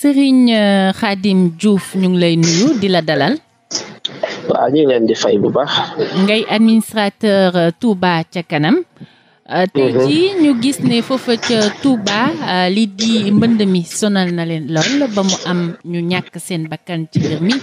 Serigne euh, Khadim Diouf ñu ngi lay nuyu di la dalal. waaw ñu ngi leen di fay bu baax. ngay administrateur euh, Touba ca kanam. Euh, tey mhm. jii ñu gis ne foofa ca Touba li di mbënd mi sonal na leen lool ba mu am ñu ñàkk seen bakkan ci mbir mi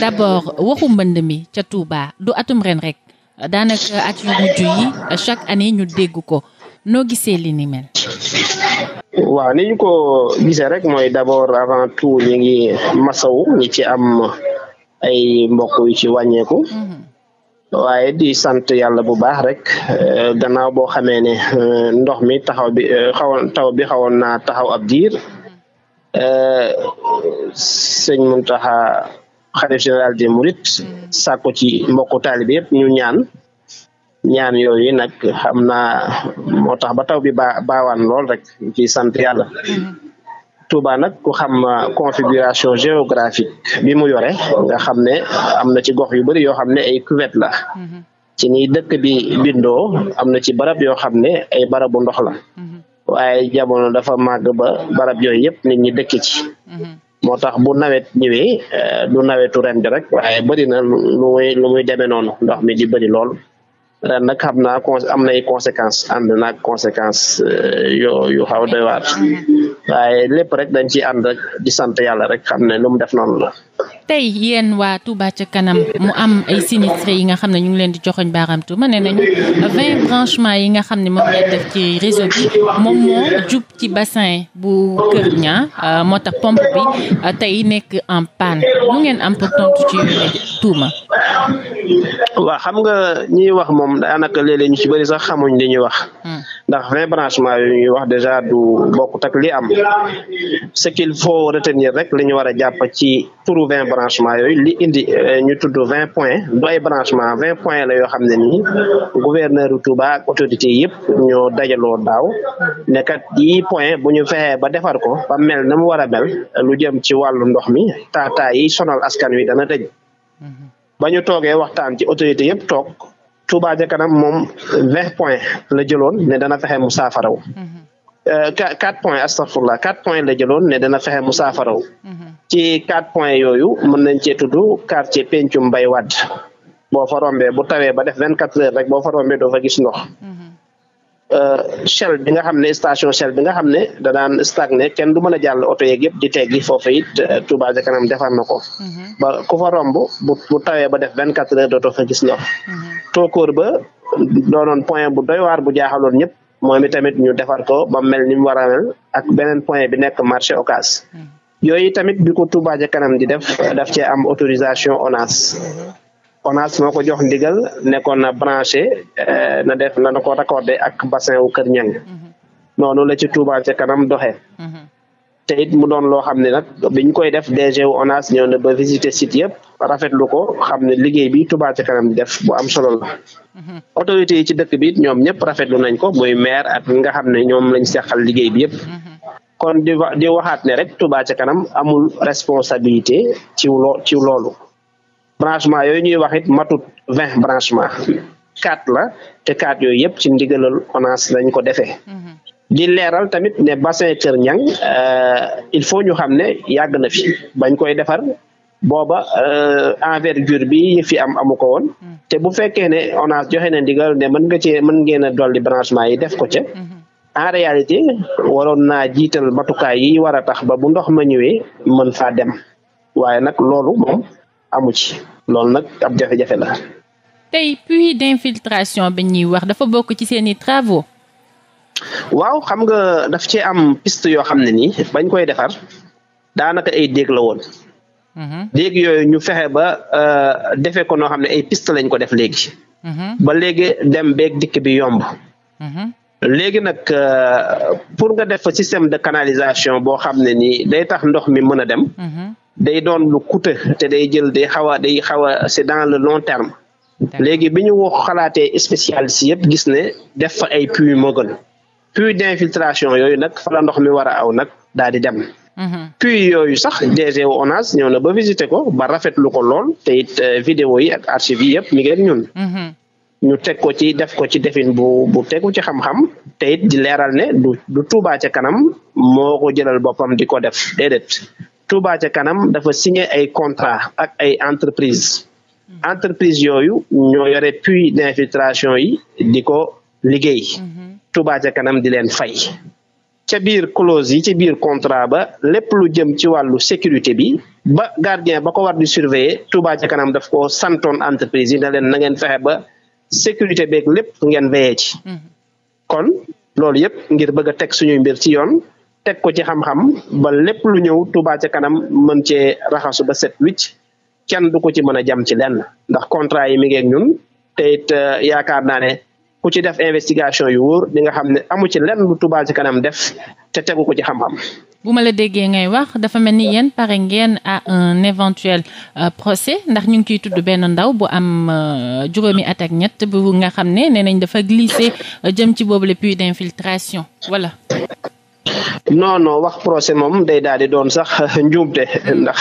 d'abord waxu mbënd mi ca Touba du atum ren rek daanaka at yu mujj yi chaque année ñu dégg ko noo gisee li ni mel. waaw ni ñu ko gisee rek mooy d'abord avant tout ñu ngi masawu ñi ci am ay mbokk yu ci wàññeeku mhm. waaye di sant yàlla bu baax rek euh, gannaaw boo xamee ne euh, ndox mi taxaw bi euh, xawoon bi xawoon naa taxaw ab diir sëñ Muntaxa xalif général des Mourides mhm. sàkku ci mbokku taalibe yëpp ñu ñaan ñaan yooyu nag xam naa moo tax ba taw bi ba baawaan lool rek ci sant yàlla mm-hmm. Touba nag ku xam uh, configuration géographique bi mu yore nga xam ne am na ci gox yu bari yoo xam ne ay cuvette la mm-hmm. ci dëkk bi bindoo am na ci barab yoo xam ne ay barabu ndox la mm-hmm. waaye jamono dafa màgg ba barab yooyu yëpp nit ñi dëkk ci moo tax bu nawet ñëwee uh, du nawetu ren bi rek waaye bari na lu muy lu muy demee noonu ndox mi di bari lool ren nag xam naa am nay conséquence ànd naag conséquence euh, yoo yu xaw a doy waar waaye lépp rek dañ ci ànd rek di sant yàlla rek xam ne lu mu def noonu la tey yéen waa Touba ca kanam mu am ay sinistre yi nga xam ne ñu ngi leen di joxoñ baaraam tuuma nee nañu vingt branchement yi nga xam ne moom ngeen def ci réseau bi moom moo jub ci bassin bu Kër Ña euh, moo tax pomp bi euh, tey nekk en panne lu ngeen am pour tontu ci tuuma waaw xam nga ñuy wax moom daanaka léeg-léeg ñu ci bëri sax xamuñ li ñuy wax. Hmm. ndax vingt branchement yu ñuy wax déjà du bokkut tak li am ce qu'il faut retenir rek li ñu war a jàpp ci turu vingt branchement yooyu li indi euh, ñu tudd vingt points du ay branchement vingt points la yoo xam ne nii gouverneur Touba ak autorité yëpp ñoo dajaloo daaw ne kat yi point bu ñu fexee ba defar ko ba mel na mu war a mel lu jëm ci wàllu ndox mi taataa yi sonal askan wi dana tëj. ba ñu toogee waxtaan ci autorité yëpp toog Touba ja kanam moom vingt points la jëloon ne dana fexe mu saafaraw mm-hmm. euh, quatre points astafurlah quatre points la jëloon ne dana fexe mu saafaraw mm-hmm. ci quatre points yooyu mën nañ cee tudd quartier Pencum Mbay Wadd boo fa rombee bu tawee ba def vingt quatre heures rek boo fa rombee doo fa gis ndox mm-hmm. Euh, shell bi nga xam ne station Shell bi nga xam ne da daan stagné kenn du mën a jàll oto yeeg yëpp di teggi foofu it euh, Touba kanam defar na ko mhm. ba ku fa romb bu tawee ba def vingt quatre heures dootoo fa gis ñor mhm. tookóor ba doonoon point bu doy waar bu jaaxaloon ñëpp moom itamit ñu defar ko ba mel ni mu a mel ak beneen point bi nekk marché Ocass mhm. yooyu tamit bi ko Touba ca kanam di def daf cee am autorisation ONAS ONAS moo ko jox ndigal nekkoon na branché eh, na def na ko raccordé ak bassin wu Kër Ñang mm-hmm. noonu la ci Touba ca kanam doxee mm-hmm. te it mu doon loo xam ne nag biñ koy def DG wu ONAS ñëw na ba visiter site yëpp rafetlu ko xam ne liggéey bi Touba ca kanam di la mm-hmm. autorités yi ci dëkk bi it ñoom ñëpp rafetlu nañ ko muy maire a nga xam ne ñoom lañ seqal liggéey bi yëpp kon di di waxaat ne rek Touba ca kanam amul responsabilité ci loo branchement yooyu ñuy wax it matut vingt branchement quatre la te quatre yooyu yëpp ci ndigalal ONAS lañ ko defee mhm. di leeral tamit ne bassin Kër Niang euh, il faut ñu xam ne yàgg na fi bañ koy defar booba euh, envergure bi fi am amu ko woon mhm. te bu fekkee ne ONAS joxe na ndigal ne mën nga cee mën ngeen yi def ko ca mhm. en réalité waroon naa jiital matukaay yi war a tax ba bu ndox ma ñëwee mën faa dem waaye nag loolu moom amu ci loolu nag ab jafe-jafe la. tey puits d'infiltration bi ñuy wax dafa bokk ci seen i travaux. waaw xam nga daf ci am piste yoo xam ne nii bañ koy defar daanaka ay déeg la woon. Mhm. déeg yooyu ñu fexe ba euh, defee ko noo xam ne ay piste lañ ko def léegi. Mhm. ba léegi dem beeg dikk bi yomb. Mhm. léegi nag euh, pour nga def système de canalisation boo xam ne nii day tax ndox mi mën a dem. day doon lu coûteux te day jël day xaw a day xaw a c'est dans le long terme léegi bi ñu xalaatee spécialiste yëpp gis ne def fa ay puits moo gën puits d'infiltration yooyu nag fa ndox mi war a aw nag daal di dem mhm. puits yooyu sax DG wu ONAS ñëw na ba visiter ko ba rafetlu ko lool te it euh, vidéo yi ak archive yi yëpp mi ngi ñun mhm. ñu teg ko ci def ko ci defin bu bu tegu ci xam-xam te it di leeral ne du du Touba ca kanam moo ko jëlal boppam di ko def déedéet Touba ca kanam dafa signé ay contrat ak ay entreprise hmm. entreprise yooyu ñoo yore puits d'infiltration yi di ko liggéey hmm. Touba ca kanam di leen fay ca biir clause yi ci biir contrat ba lépp lu jëm ci wàllu sécurité bi ba gardien ba ko war di surveiller Touba ca kanam daf ko santoon entreprise yi ne leen na ngeen fexe ba sécurité beeg lépp ngeen veillé ci hmm. kon loolu yëpp ngir bëgg teg suñuy mbir ci yoon teg ko ci xam-xam ba lépp lu ñëw Touba ca kanam mën cee raxasu ba set wicc kenn du ko ci mën a jam ci lenn ndax contrat yi mi ngeeg ñun te it euh, yaakaar naa ne ku ci def investigation yu wóor di nga xam ne amu ci lenn lu Touba ca kanam def te tegu ko ci xam-xam. bu ma la déggee ngay wax dafa mel ni yéen pare ngeen à un éventuel euh, procès ndax ñu ngi ciy tudd benn ndaw bu am euh, juróomi at ak ñett bu nga xam ne nee nañ dafa glissé jëm ci boobu le puits d'infiltration voilà. non no wax procès moom day daal di doon sax njuumte hmm. ndax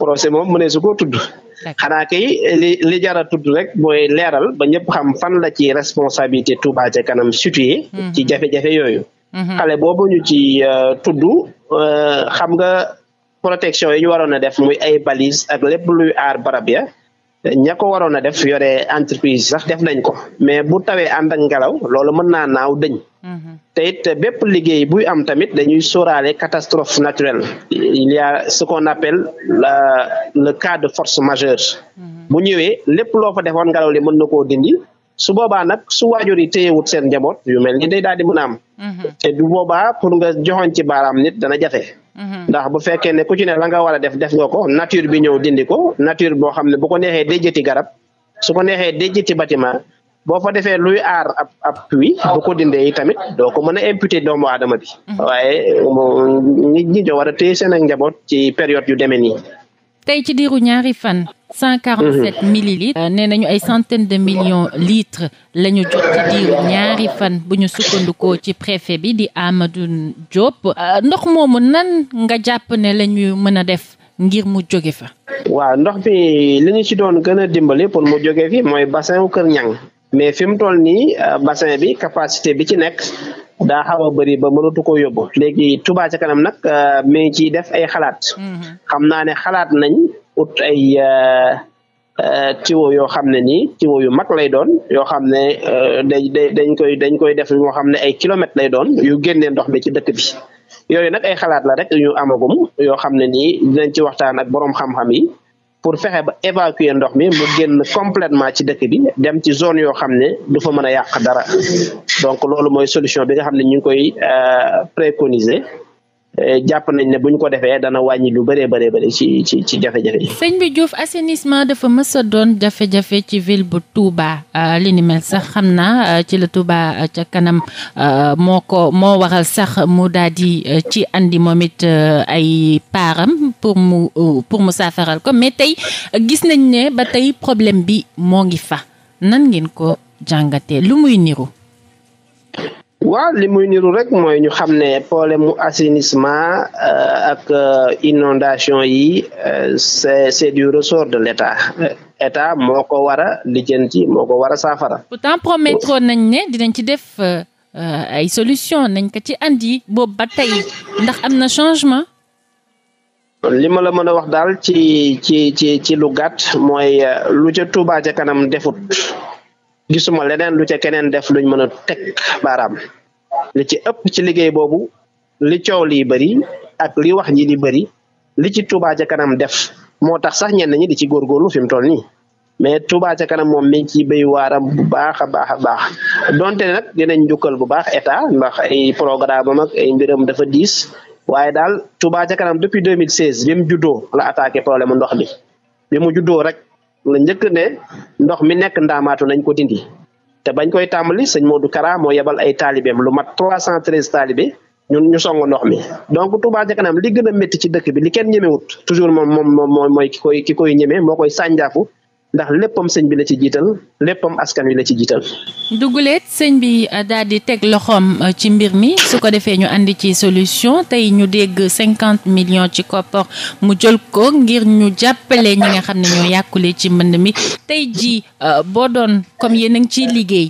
procès moom mu ne su ko tudd xanaa kay li li jara tudd rek mooy leeral ba ñëpp xam fan la ci responsabilité Touba ca kanam situé hmm. ci jafe-jafe yooyu hmm. xale boobu ñu ci euh, tudd euh, xam nga protection yi ñu waroon a def muy ay balise ak lépp luy aar barab ya ña ko waroon a def yore entreprise sax def nañ ko mais bu tawee ànd ak ngelaw loolu mën naa naaw dëñ te it bépp liggéey buy am tamit dañuy soraale catastrophe naturel il y ce qu'on appelle la le cas de force majeure bu ñëwee lépp loo fa defoon ngelaw li mën na koo dindi su boobaa nag su waajur yi wut seen njaboot yu mel ni day daal di mën a am mhm. te du boobaa pour nga joxoon ci baaraam nit dana jafe mhm. ndax bu fekkee ne ku ci la nga war a def def nga ko nature bi ñëw dindi ko nature boo xam ne bu ko neexee de déjjati garab su ko neexee déjjati bâtiment boo fa defee luy aar ab ab puits bu ko dindee yi tamit doo ko mën a imputer doomu aadama bi mhm. waaye euh, nit ñi ñoo war a téye seen njaboot ci période yu demee nii tey ci diiru ñaari fan cent quarante sept mhm. millilitres euh, nee nañu ay centaine de millions litres la ñu jot ci diiru ñaari fan bu ñu sukkandikoo ci préfet bi di Amadou Diop euh, ndox moomu nan nga jàpp ne la ñuy mën a def ngir mu jóge fa waaw ndox bi li ñu ci doon gën a dimbali pour mu jóge fi mooy bassin wu Kër Ñang mais fi mu toll nii euh, bassin bi capacité bi ci nekk daa xaw a bëri ba mënatu ko yóbbu léegi Touba ca kanam nag euh, mi ngi ciy def ay xalaat mm-hmm. xam naa ne xalaat nañ ut ay euh, tiwo yoo xam ne nii tiwo yu mag lay doon yoo xam ne day day dañ koy dañ koy def moo xam ne ay kilomètres lay doon yu génnee ndox mi ci dëkk bi yooyu nag ay xalaat la rek yu amagum yoo xam ne nii dinañ ci waxtaan ak boroom xam-xam yi pour fexe ba évacuer ndox mi mu génn complètement ci dëkk bi dem ci zone yoo xam ne du fa mën a yàq dara donc loolu mooy solution bi nga xam ne ñu ngi koy euh, préconiser Eh, jàpp nañ ne bu ñu ko defee dana wàññi lu bëree bëree bëri ci ci jafe-jafe yi. sëñ bi Diouf assainissement dafa mës doon jafe-jafe ci ville bu Touba eh, li sax xam naa eh, ci la Touba ca kanam moo ko moo waral sax mu daal di ci andi moom it ay paaram pour mu pour mu saafaral ko mais tey gis nañ ne ba tey problème bi moo ngi fa nan ngeen ko jàngatee lu muy niru. waaw li muy niru rek mooy ñu xam ne problème mu assainissement euh, ak euh, inondation yi euh, c'est c'est du ressort de l'État état moo ko war a lijjanti moo ko war a saafara. pourtant promettoon nañ ne dinañ ci def ay solution nañ ko ci andi boobu ba tey ndax am na changement. li ma la mën a wax daal ci ci ci ci lu gàtt mooy lu ca Touba ca kanam defut gisuma leneen lu ca keneen def luñ mën a teg li ci ëpp ci liggéey boobu li coow lii bëri ak li wax ji di bëri li ci Touba ca kanam def moo tax sax ñeen ñi di ci góor fi mu toll nii mais Touba ca kanam moom mi ngi ciy béy waaram bu baax a baax a baax donte nag dinañ njukkal bu baax état ndax ay programme am ak ay mbiram dafa diis waaye daal Touba ca kanam depuis 2016 bi mu juddoo la attaqué problème ndox bi bi mu juddoo rek la njëkk ne ndox mi nekk ndaamaatu nañ ko dindi te bañ koy tàmbali sëñ du Kara moo yebal ay taalibeem lu mat trois cent treize taalibe ñun ñu song ndox mi donc Touba a kanam li gën a métti ci dëkk bi li kenn ñemewut toujours moom moom moom mooy ki koy ki koy ñeme moo koy sànjaafu ndax léppam sëñ bi la ci jiital léppam askan wi la ci jiital. Dougoulette sëñ bi euh, daal di teg loxoom euh, ci mbir mi su ko defee ñu andi ci solution tey ñu dégg cinquante millions ci koppar mu jël ko ngir ñu jàppale ñi nga xam ne ñoo yàkkule ci mbënd mi tey jii euh, boo doon comme yéen a ngi ciy liggéey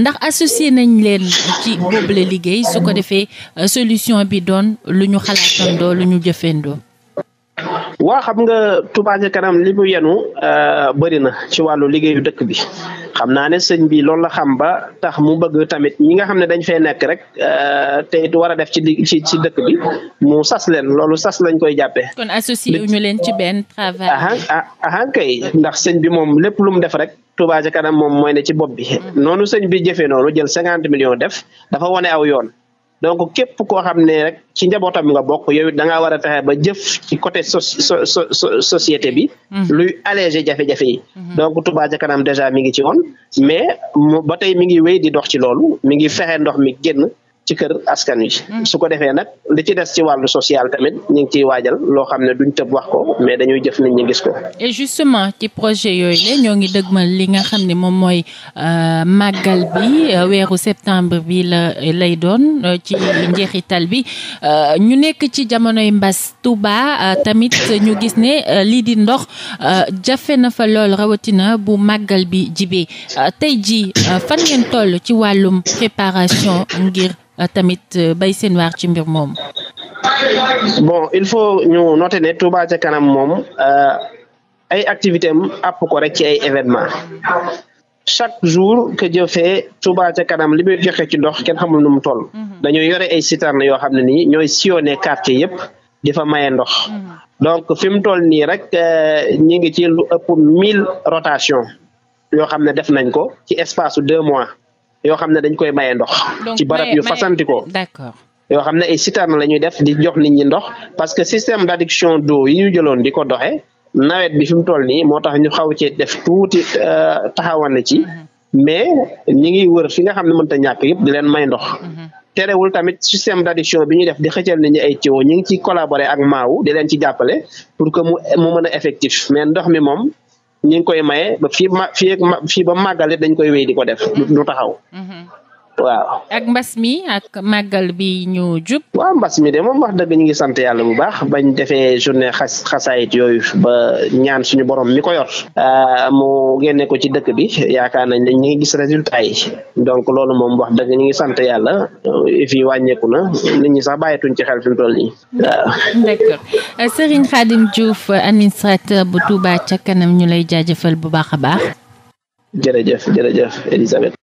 ndax associé nañ leen ci boobule liggéey su ko defee solution bi doon lu ñu xalaatandoo lu ñu jëfandoo. waa xam nga Touba kanam li mu yenu euh, bëri na ci wàllu liggéeyu dëkk bi xam naa ne sëñ bi loolu la xam ba tax mu bëgg tamit ñi nga xam ne dañ fee nekk rek euh, te it war a def ci ci ci dëkk bi mu sas leen loolu sas lañ koy jàppee. kon associé ñu leen ci benn travail. ah kay ndax sëñ bi moom lépp lu mu def rek. Touba kanam moom mooy ne ci bopp bi mm-hmm. noonu sëñ bi jëfee noonu jël cinquante million def dafa wane aw yoon. donc képp koo xam ne rek ci njabootam nga bokk yow it da ngaa war a fexe ba jëf ci côté so société bi. Mm-hmm. luy alléger jafe-jafe yi. Mm-hmm. donc Touba ca kanam déjà mi ngi ci woon mais ba tey mi ngi wéy di dox ci loolu mi ngi fexe ndox mi génn. ci kër askan wi mm-hmm. su ko defee nag li ci des ci wàllu social tamit ñu ngi ciy waajal loo xam ne duñ tëb wax ko mais dañuy jëf nit ñi gis ko et justement ci projet yooyu la ñoo ngi dëgmal li nga xam ne moom mooy euh, màggal bi euh, weeru septembre bi la lay doon euh, ci njeexital bi ñu nekk ci jamonoy mbas Touba tamit ñu gis ne lii di ndox jafe na fa lool rawatina bu màggal bi jibee tey ji fan ngeen toll ci wàllum préparation ngir Euh, tamit euh, bay seen ci mbir moom bon il faut ñu noter ne Touba ca kanam moom euh, ay activité am àpp ko rek ci ay événement chaque jour que Dieu fait Touba ca kanam li muy joxe ci ndox kenn xamul nu mu toll mhm. dañoo yore ay citerne yoo xam ne nii ñooy sillonné quartier yëpp di fa maye ndox mhm. donc fi mu toll nii rek ñi ngi ci lu ëpp mille rotation yoo xam ne def nañ ko ci espace su deux mois yoo xam ne dañ koy maye ndox. ci barab yu fasanti ko yoo xam ne ay citerne la ñuy def di jox niñ ñi ndox parce que système d'adduction d'eau yi ñu jëloon di ko doxee nawet bi fi mu toll nii moo tax ñu xaw ci def tuuti euh, taxawane ci mhm. mais ñi ngi wër fi nga xam ne mënta ñàkk yëpp di leen may ndox. Mhm. terewul tamit système d'adduction bi ñuy def di xëccal nit ay tuyaux ñu ngi ci collaborer ak maaw di leen ci jàppale pour que mu mu mën a effectif mais ndox mi moom. ñu ngi koy maye ba fii ma fii ba màggale dañ koy wéy di ko def du taxaw mm-hmm. waaw ak mbas mi ak màggal bi ñu jub. waaw mbas mi de moom wax dëgg ñu ngi sant yàlla bu baax bañ defee journée xas xasaayit yooyu ba ñaan suñu borom mi ko yor ah, mu génne ko ci dëkk bi yaakaar nañ ne ñu ngi gis résultat yi donc loolu moom wax dëgg ñu ngi sant yàlla fii wàññeeku na nit ñi sax bàyyeetuñ ci xel fi mu toll nii waaw. d'accord Serigne Khadim Diouf bu Touba ca kanam ñu lay jaajëfal bu baax a baax. jërëjëf jërëjëf Elisabeth.